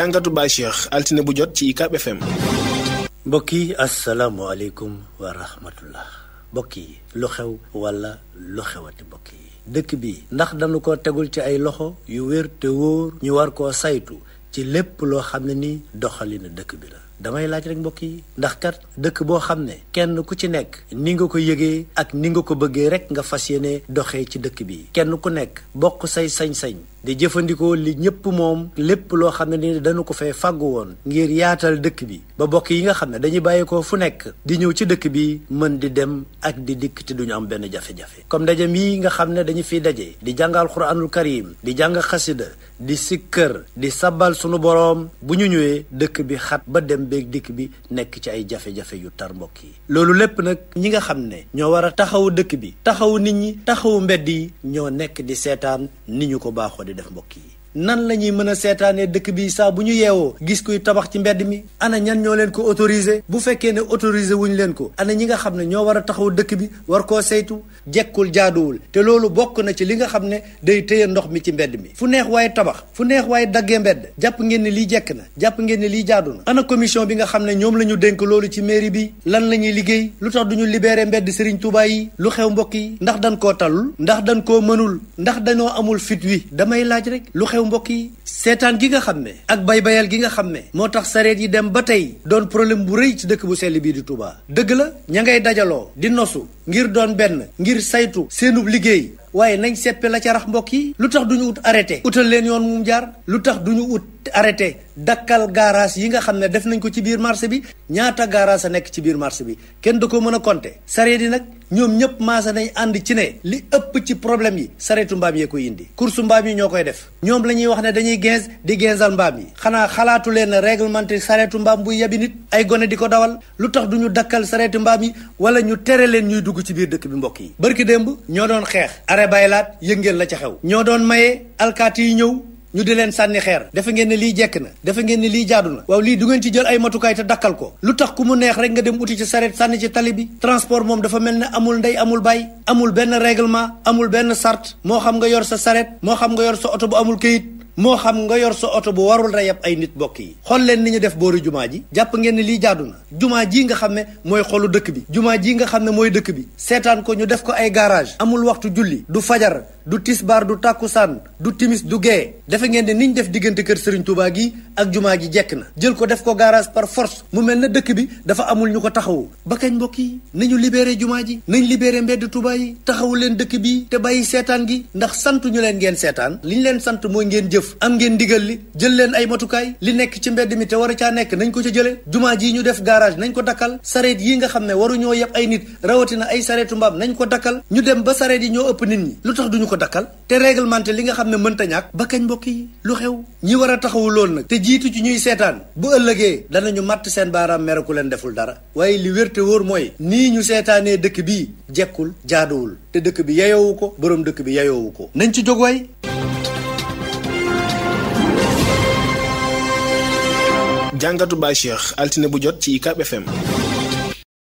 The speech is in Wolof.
jàngatu Baye altine bu jot ci UCAB FM. mbokk yi asalaamaaleykum wa rahmatullah mbokk yi lu xew wala lu xewati mbokk yi dëkk bi ndax dañu ko tegul ci ay loxo yu wér te wóor ñu war koo saytu ci lépp loo xam ne ni doxalinu dëkk bi la. damay laaj rek mbokk yi ndax kat dëkk boo xam ne kenn ku ci nekk ni nga ko yëgee ak ni nga ko bëggee rek nga fas yéene doxee ci dëkk bi kenn ku nekk bokk say sañ-sañ di jëfandikoo li ñëpp moom lépp loo xam ne ni dañu ko fee fàggu woon ngir yaatal dëkk bi ba bokk yi nga xam ne dañuy bàyyeekoo fu nekk di ñëw ci dëkk bi mën di dem ak di dikk te duñu am benn jafe-jafe comme ndaje mii nga xam ne dañu fi daje di jàngal alxuraanul karim di jàng xasida di sikkër di sabal suñu boroom bu ñu ñëwee dëkk bi xat ba dem beeg dikk bi nekk ci ay jafe-jafe yu tar mbokk yi loolu lépp nag ñi nga xam ne ñoo war a taxawu dëkk bi taxawu nit ñi taxawu mbedd yi ñoo nekk di seetaan ni ko baaxoo di def mbokk yi nan la ñuy mën a seetaanee dëkk bi saa bu ñu yeewoo gis kuy tabax ci mbedd mi ana ñan ñoo leen ko autorisé bu fekkee ne autorisé wuñ leen ko ana ñi nga xam ne ñoo war a taxaw dëkk bi war koo saytu jekkul jaaduwul te loolu bokk na ci li nga xam ne day téye ndox mi ci mbedd mi fu neex waaye tabax fu neex waaye dagge mbedd jàpp ngeen ne lii jekk na jàpp ngeen ne lii jaadu na ana commission bi nga xam ne ñoom la ñu dénk loolu ci mairie bi lan la ñuy liggéey lu tax du ñu mbedd Serigne Touba lu xew mbokk yi ndax dañ koo talul ndax dañ koo mënul ndax dañoo amul fit xew mbokk yi seetaan gi nga xam ne ak bay baybayal gi nga xam ne moo tax sareet yi dem ba tey doon problème bu rëy ci dëkk bu sell bii di Touba dëgg la ña ngay dajaloo di nosu ngir doon benn ngir saytu seenub liggéey waaye nañ seppe la ca rax mbokk yi lu tax du ñu ut arrêté utal leen yoon mu jaar lu tax du ñu ut arrêté dakkal garage yi nga xam ne def nañ ko ci biir marché bi ñaata garage a nekk ci biir marché bi kenn da ko mën a compter sareet yi nag ñoom ñëpp maasa nañu ànd ci ne li ëpp ci problème yi sareetu mbaam yee ko indi course mbaam yi ñoo koy def ñoom la ñuy wax ne dañuy gens di gensal mbaam yi xanaa xalaatu leen réglementé sareetu mbaam buy yabi nit ay gone di ko dawal lu tax du ñu dakkal sareetu mbaam yi wala ñu tere leen ñuy dugg ci biir dëkk bi mbokk yi bërki démb ñoo doon xeex are baylaat yëg la ca xew ñoo doon mayee alkaati yi ñëw ñu di leen sànni xeer defe ngeen ne lii jekk na defe ngeen ne lii jaadu na waaw lii du ngeen ci jël ay matukaay te dakkal ko lu tax ku mu neex rek nga dem uti ci sareet sànni ci tali bi transport moom dafa mel ne amul ndey amul bay amul benn règlement amul benn sart moo xam nga yor sa sareet moo xam nga yor sa oto bu amul këyit moo xam nga yor sa oto bu warul rayab ay nit mbokk yi xool leen ni ñu def booru jumaa ji jàpp ngeen ne lii jaadu na jumaa jii nga xam ne mooy xolu dëkk bi jumaa jii nga xam ne mooy dëkk bi seetaan ko ñu def ko ay garage amul waxtu julli du fajar du tisbaar du tàkkusaan du timis du gee defe ngeen ne niñ def diggante kër Serigne tubaa gi ak jumaa ji jekk na jël ko def ko garage par force mu mel na dëkk bi dafa amul ñu ko taxawu ba kañ mbokk yi nañu libéré jumaa ji nañ libéré mbedd tubaa yi taxawu leen dëkk bi te bàyyi seetaan gi ndax sant ñu leen ngeen seetaan li ñu leen sant mooy ngeen jëf am ngeen ndigal li jël leen ay matukaay li nekk ci mbedd mi te war a caa nekk nañ ko ca jële jumaa ji ñu def garage nañ ko dakkal sareet yi nga xam ne waruñoo yeb ay nit rawatina ay sareetu mbaam nañ ko dakkal ñu dem ba sareet yi ñoo ëpp nit ñi lu tax duñu ko dakkal te réglementé li nga xam ne mënta ñàkk ba kañ mbokk yi lu xew ñi war a taxawu loolu nag te jiitu ci ñuy seetaan bu ëllëgee danañu màtt seen baaraam mere leen deful dara waaye li wér te wóor mooy nii ñu seetaanee dëkk bi jekkul jaaduwul te dëkk bi yayoowu ko boroom dëkk bi yayoowu ko nañ ci jóg waay jàngatu Baye Cheikh altine bu jot ci UCAB FM